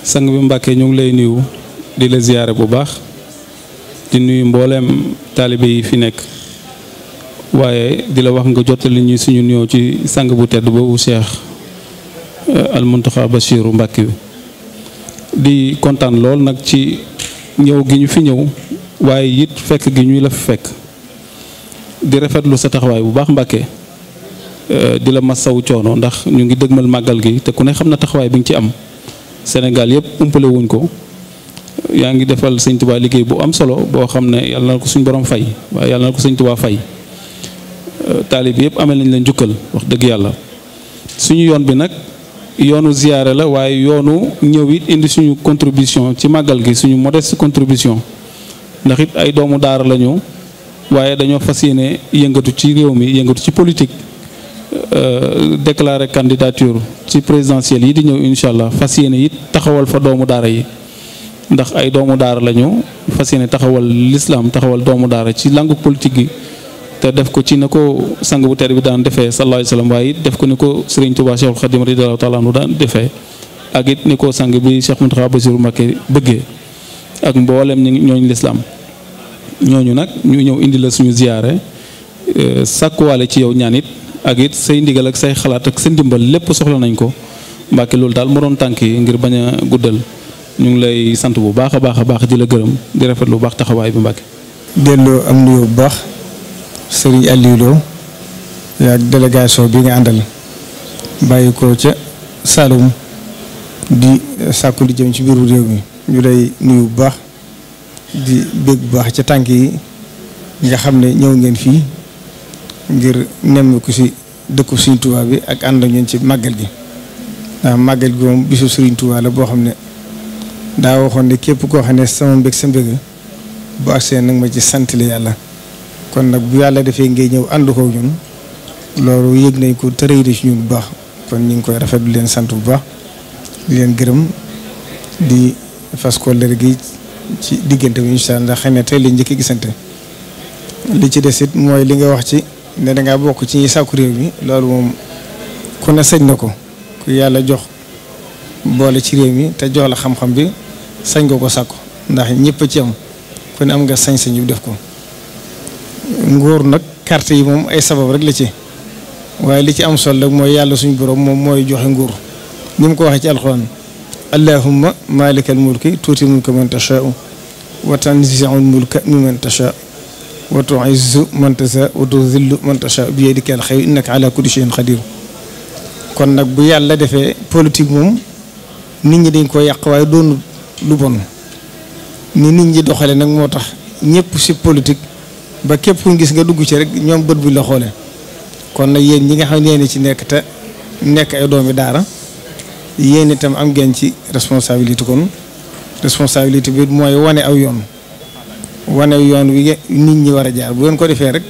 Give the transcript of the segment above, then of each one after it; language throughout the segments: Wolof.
sang bi Mbàkke ñoo ngi lay nuyu di la ziyaare bu baax di nuyu mbooleem taalibe yi fi nekk waaye di la wax nga jottali ñu suñu nuyoo ci sang bu tedd boobu Cheikh euh, Al Muntaxa Bachiru Mbàkke di kontaan lool nag ci ñëw gi ñu fi ñëw waaye it fekk gi ñuy la fi fekk di rafetlu sa taxawaay bu baax Mbàkke euh, di la saw coono ndax ñu ngi dëgmal màggal gi te ku ne xam na taxawaay bi nga ci am Sénégal yëpp umpale wuñ ko yaa ngi defal sëñ Tuubaa liggéey bu am solo boo xam ne yàlla na ko suñ borom fay waaye yàlla na ko sëñ Tuubaa fay euh, taalib yëpp amee nañ leen jukkal wax dëgg yàlla suñu yoon bi nag yoonu ziyaare la waaye yoonu ñëw it indi suñu contribution ci màggal gi suñu modeste contribution ndax it ay doomu daara lañu waaye dañoo fas yéene yëngatu ci réew mi yëngatu ci politique Euh, déclarer candidature ci présidentielle yi di ñëw incha allah fas yéene it taxawal fa doomu daara yi ndax ay doomu daara lañu fas yéene taxawal lislaam taxawal doomu daara ci langue politique gi te def ko ci na ko sang bu teer bi daan defee sallallahu alayhi wa sallam waaye it def ko ni ko Serigne Touba Cheikhul Khadim radiyallahu taala anhu daan defee ak it ni ko sang bi Cheikh Mountakha Bassirou Mbacké bëggee ak mboolem ñu ñooñu lislaam ñooñu nag ñu ñëw indi la suñu ziyaare euh, sàkkuwaale ci yow ñaan ak it say ndigal ak say xalaat ak sa ndimbal lépp soxla nañ ko Mbàkke loolu daal moo doon tànk yi ngir bañ a guddal ñu ngi lay sant bu baax a baax a baax di la gërëm di rafet lu baax taxawaay bi Mbàkke delloo am nuyoo bu baax Serigne Aliou Lo ak délégation bi nga àndal bàyyi ko ca Saloum di sàkku jëm ci biiru réew mi ñu lay nuyu bu baax di bég bu baax ca tànk yi nga xam ne ñëw ngeen fii ngir nemmiku ci dëkku Sëriñ Tuubaa bi ak ànd ak ñun ci màggal gi ndax màggal gi moom bisu Sëriñ Tuubaa la boo xam ne daa waxoon ne képp koo xam ne sama mbég sa mbég bu agsee nag ma ci sant la yàlla kon nag bu yàlla defee ngay ñëw ànd ko ñun loolu yëg nañ ko tërëy ci ñun bu baax kon ñu ngi koy rafet du leen sant bu baax di leen gërëm di fas kóllëre gi ci diggante bi incha allah ndax xëy na tey lañ njëkk gisante li ci des it mooy li nga wax ci. ne dangaa bokk ci ñi sàkku réew mi loolu moom ku ne sañ na ko ku yàlla jox boole ci réew mi te jox la xam-xam bi sañ nga ko sàkku ndax ñëpp a ci am ku ne am nga sañ-sañ yu def ko nguur nag carte yi moom ay sabab rek la ci waaye li ci am solo rek mooy yàlla suñ borom moom mooy joxe nguur ni mu ko waxee ci alxuraan allahumma malikal mulki tuuti mulka man tashaa'u wa tanzi'ul mulka mimman tashaa'u wa tuizzu man tasha wa tuzillu man tasha bi yadika al xayr innaka ala kulli shay'in qadir kon nag bu yàlla defee politique moom nit ñi dañ ko yàq waaye doon lu bon ni nit ñi doxale nag moo tax ñëpp si politique ba képp kuñ gis nga dugg ci rek ñoom bët bu la xoole kon nag yéen ñi nga xam ne ci nekk te nekk ay bi daara yéen itam am ngeen ci responsabilité kon responsabilité bi mooy wane aw yoon wane yoon wi nit ñi war a jaar bu ngeen ko defee rek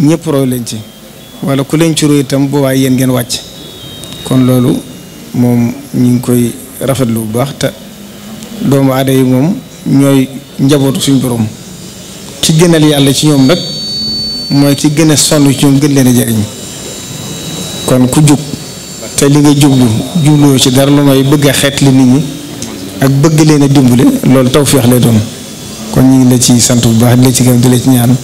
ñëpp roy leen ci wala ku leen ci roo itam boobaa yéen ngeen wàcc kon loolu moom ñu ngi koy rafetlu bu baax te doomu aada yi moom ñooy njabootu suñ borom ki gënal yàlla ci ñoom nag mooy ki gën a sonn ci ñoom gën leen a jariñ kon ku jub te li nga jublu jubloo ci dara lu may bëgg a xeet li nit ñi ak bëgg leen a dimbale loolu tawféex lay doon kon ñu ngi la ci sant bu baax di ci gërëm di la ñaan